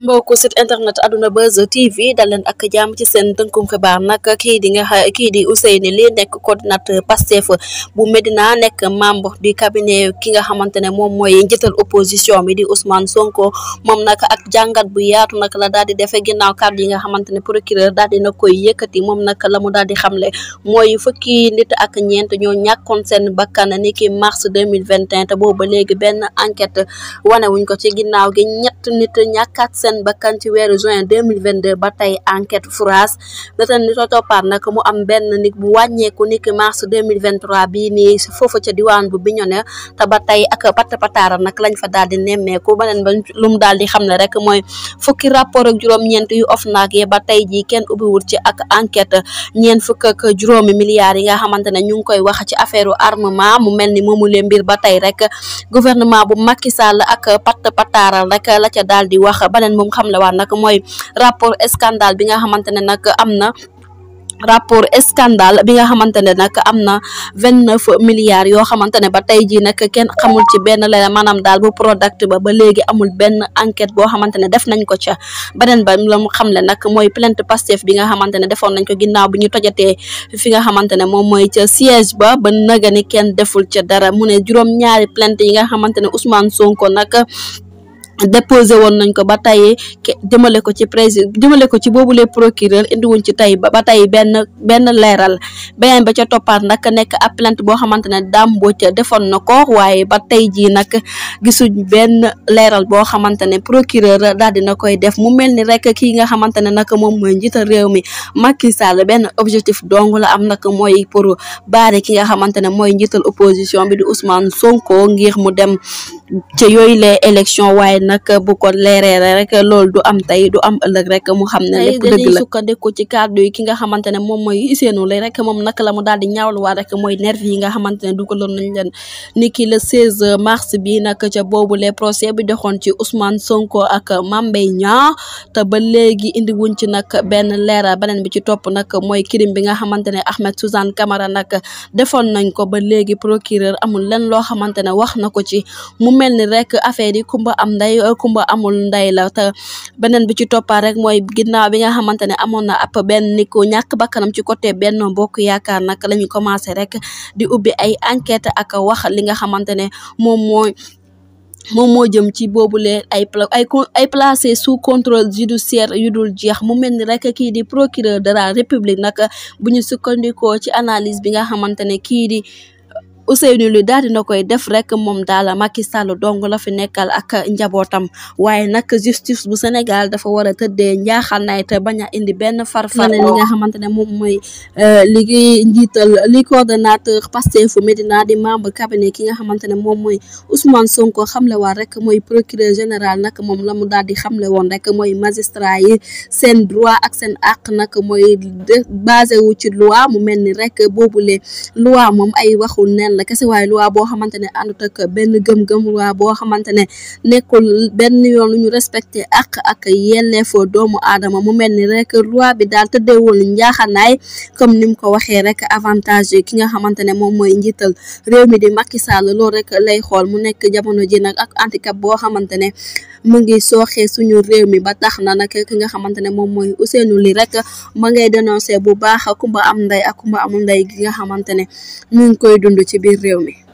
mbokku site internet Adouna Buzz TV dal leen ak jàmm ci seen tënkum xibaar nag kii di nga xa kii di Ousseynou Ly nekk coordinateur Pastef bu Médina nekk membre di cabinet ki nga xamante ne moom mooy njëtal opposition bi di Ousmane Sonko moom nag ak jàngat bu yaatu nag la daal di defee ginnaaw kàddu yi nga xamante ne procureur daal di na koy yëkkati moom nag la mu daal di xamle mooy fukki nit ak ñeent ñoo ñàkkoon seen bakkan ni ki mars 2021 te boobu ba léegi benn enquête wane wuñ ko ci ginnaaw gi seen bakkan ci weeru juin 2022 ba tey enquête fouras la teen ni ko toppaat nag mu am benn nit bu wàññeeku ni ki mars 2023 bii nii foofu ca diwaan bu Bignona te ba tey ak patt pataara nag lañ fa daal di nemmeeku beneen ba lu mu daal di xam ne rek mooy fukki rapport ak juróom-ñeent yu OFNAC yi ba tey jii kenn ubbiwul ci ak enquête ñeent fukk ak juróomi milliards yi nga xamante ne ñu ngi koy wax ci affaire armement mu mel ni moomu leen mbir ba tey rek gouvernement bu Macky Sall ak moom xam le waan nag mooy rapport scandale bi nga xamante ne nag am na rapport scandale bi nga xamante ne nag am na vingt neuf milliards yoo xamante ne ba tey jii nag kenn xamul ci benn leneen maanaam daal bu product ba ba léegi amul benn enquête boo xamante ne def nañ ko ca beneen ba la mu xamle nag mooy plainte Pastef bi nga xamante ne defoon nañ ko ginnaaw bi ñu tojatee fi nga xamante ne moom mooy ca siège ba ba naga ni kenn deful ca dara mu ne juróom-ñaari plainte yi nga xamante ne Ousmane Sonko nag. déposé woon nañ ko ba tey jëmale ko ci président jëmale ko ci boobu les procureur indi wuñ ci tey ba tey benn benn leeral beneen ba ca toppaat nag nekk ab plainte boo xamante ne Dame Mbodj defoon na ko waaye ba tey jii nag gisuñ benn leeral boo xamante ne procureur daal dina koy def mu mel ni rek kii nga xamante ne nag moom mooy njiital réew mi Macky Sall benn objectif dong la am nag mooy pour baare ki nga xamante ne mooy njiital opposition bi di Ousmane Sonko ngiir mu dem ca yooyu les élection waaye nag bu ko leereere rek loolu du am tey du am ëllëg rek mu xam ne lépp dëgg la sukkandiku ci kàddu yi ki nga xamante ne moom mooy Ousseynou Ly rek moom nag la mu daal di ñaawluwaat rek mooy nervi yi nga xamante ne dugaloon nañ leen ni ki le 16 mars bi nag ca boobu le procès bi doxoon ci Ousmane Sonko ak Mame Mbaye Niang te ba léegi indi wuñ ci nag benn leeral beneen bi ci topp nag mooy crime bi nga xamante ne Ahmed Suzanne Camara nag defoon nañ ko ba léegi procureur amul lenn loo xamante kumba euh, amul ndey la te beneen bi ci toppaat rek mooy ginnaaw bi nga xamante ne amoon na ab benn nit ku ñàkk bakkanam ci côté benn bokk yaakaar nag la ñu commencé rek di ubbi ay enquête ak wax li nga xamante ne moom mooy moom moo jëm ci boobule ay ay ay placé sous contrôle judiciaire yu dul jeex mu mel ni rek kii di procureur dara la république nag bu ñu sukkandikoo ci analyse bi nga xamante ne kii di Ousseynou li daal dina koy def rek moom daal Macky Sall dong la fi nekkal ak njabootam waaye nag justice bu Sénégal dafa war a tëddee njaaxal nay te bañ a indi benn farfar li nga xamante ne moom mooy euh, li njiital li coordonnateur Pastef Médina di membre cabinet ki nga xamante ne moom mooy Ousmane Sonko xamle rek mooy procureur général nag moom la mu daal di xamle woon rek mooy magistra yi seen droit ak seen àq nag mooy basé wu ci loi mu mel ni rek boobule loi moom ay waxul neen la kese waaye boo xamante ne àndut ak benn gëm-gëm loi boo xamante ne nekkul benn yoon lu ñu respecté ak ak yelleefu doomu aadama mu mel ni rek loi bi daal tëddeewul njaaxanaay comme ni mu ko waxee rek avantage ki nga xamante ne moom mooy njiital réew mi di Macky Sall loolu rek lay xool mu nekk jamono ji nag ak handicap boo xamante ne mu ngi sooxee suñu réew mi ba tax na nag ki nga xamante ne moom mooy Ousseynou Ly rek ma ngay dénoncé bu baax kumba am ndey ak kumba amul ndey gi nga xamante ne koy dund ci biir ocurrir realmente.